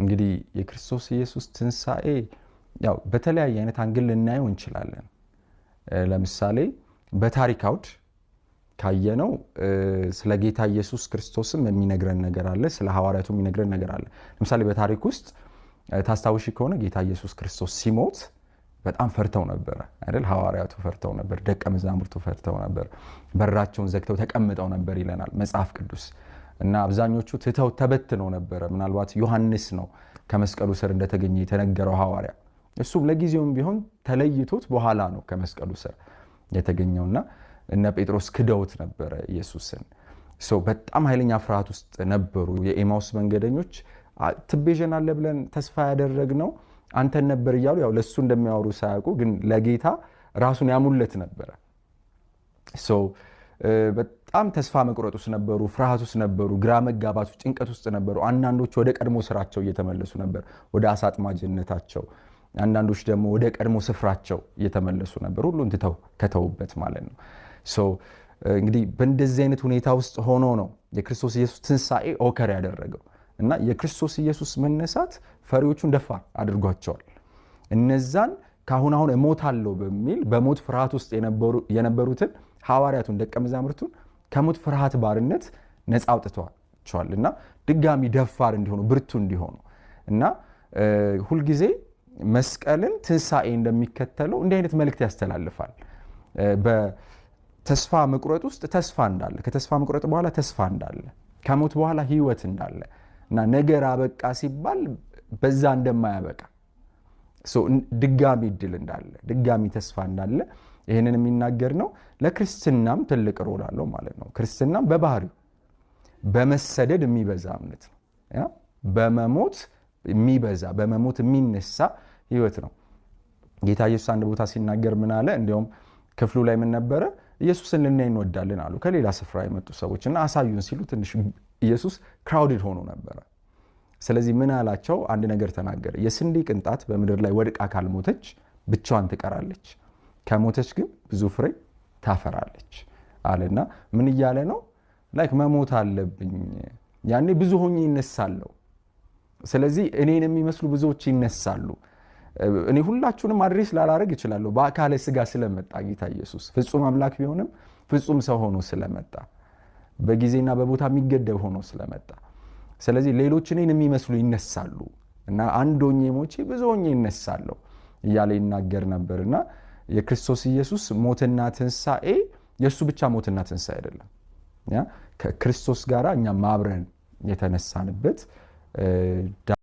እንግዲህ የክርስቶስ ኢየሱስ ትንሣኤ ያው በተለያየ አይነት አንግል ልናየው እንችላለን። ለምሳሌ በታሪክ አውድ ካየነው ስለ ጌታ ኢየሱስ ክርስቶስም የሚነግረን ነገር አለ፣ ስለ ሐዋርያቱ የሚነግረን ነገር አለ። ለምሳሌ በታሪክ ውስጥ ታስታውሺ ከሆነ ጌታ ኢየሱስ ክርስቶስ ሲሞት በጣም ፈርተው ነበረ አይደል? ሐዋርያቱ ፈርተው ነበር፣ ደቀ መዛሙርቱ ፈርተው ነበር፣ በራቸውን ዘግተው ተቀምጠው ነበር ይለናል መጽሐፍ ቅዱስ። እና አብዛኞቹ ትተው ተበትነው ነበረ። ምናልባት ዮሐንስ ነው ከመስቀሉ ስር እንደተገኘ የተነገረው ሐዋርያ። እሱም ለጊዜውም ቢሆን ተለይቶት በኋላ ነው ከመስቀሉ ስር የተገኘውና እነ ጴጥሮስ ክደውት ነበረ ኢየሱስን። በጣም ኃይለኛ ፍርሃት ውስጥ ነበሩ የኤማውስ መንገደኞች። ትቤዠናለህ ብለን ተስፋ ያደረግነው አንተን ነበር እያሉ ያው ለእሱ እንደሚያወሩ ሳያውቁ ግን ለጌታ ራሱን ያሙለት ነበረ። በጣም ተስፋ መቁረጥ ውስጥ ነበሩ፣ ፍርሃት ውስጥ ነበሩ፣ ግራ መጋባት፣ ጭንቀት ውስጥ ነበሩ። አንዳንዶች ወደ ቀድሞ ስራቸው እየተመለሱ ነበር፣ ወደ አሳጥማጅነታቸው አንዳንዶች ደግሞ ወደ ቀድሞ ስፍራቸው እየተመለሱ ነበር፣ ሁሉን ትተው ከተውበት ማለት ነው። እንግዲህ በእንደዚህ አይነት ሁኔታ ውስጥ ሆኖ ነው የክርስቶስ ኢየሱስ ትንሣኤ ኦከር ያደረገው እና የክርስቶስ ኢየሱስ መነሳት ፈሪዎቹን ደፋር አድርጓቸዋል። እነዛን ከአሁን አሁን እሞታለሁ በሚል በሞት ፍርሃት ውስጥ የነበሩትን ሐዋርያቱን ደቀ መዛሙርቱን ከሞት ፍርሃት ባርነት ነፃ አውጥቷቸዋል እና ድጋሚ ደፋር እንዲሆኑ ብርቱ እንዲሆኑ እና ሁልጊዜ መስቀልን ትንሣኤ እንደሚከተለው እንዲህ አይነት መልእክት ያስተላልፋል። በተስፋ መቁረጥ ውስጥ ተስፋ እንዳለ፣ ከተስፋ መቁረጥ በኋላ ተስፋ እንዳለ፣ ከሞት በኋላ ህይወት እንዳለ እና ነገር አበቃ ሲባል በዛ እንደማያበቃ ድጋሚ እድል እንዳለ ድጋሚ ተስፋ እንዳለ ይህንን የሚናገር ነው። ለክርስትናም ትልቅ ሮል አለው ማለት ነው። ክርስትናም በባህሪው በመሰደድ የሚበዛ እምነት ነው። በመሞት የሚበዛ በመሞት የሚነሳ ህይወት ነው። ጌታ ኢየሱስ አንድ ቦታ ሲናገር ምን አለ? እንዲሁም ክፍሉ ላይ ምን ነበረ? ኢየሱስን ልናይ እንወዳለን አሉ ከሌላ ስፍራ የመጡ ሰዎች እና አሳዩን ሲሉ ትንሽ ኢየሱስ ክራውድድ ሆኖ ነበረ። ስለዚህ ምን አላቸው? አንድ ነገር ተናገረ። የስንዴ ቅንጣት በምድር ላይ ወድቃ ካልሞተች ብቻዋን ትቀራለች። ከሞተች ግን ብዙ ፍሬ ታፈራለች አለና ምን እያለ ነው? ላይክ መሞት አለብኝ ያኔ ብዙ ሆኜ ይነሳለሁ። ስለዚህ እኔን የሚመስሉ ብዙዎች ይነሳሉ። እኔ ሁላችሁንም አድሬስ ላላረግ እችላለሁ። በአካለ ስጋ ስለመጣ ጌታ ኢየሱስ ፍጹም አምላክ ቢሆንም ፍጹም ሰው ሆኖ ስለመጣ በጊዜና በቦታ የሚገደብ ሆኖ ስለመጣ ስለዚህ ሌሎች እኔን የሚመስሉ ይነሳሉ እና አንድ ሆኜ ሞቼ ብዙ ሆኜ ይነሳለሁ እያለ ይናገር ነበርና የክርስቶስ ኢየሱስ ሞትና ትንሣኤ የእሱ ብቻ ሞትና ትንሣኤ አይደለም። ከክርስቶስ ጋር እኛ ማብረን የተነሳንበት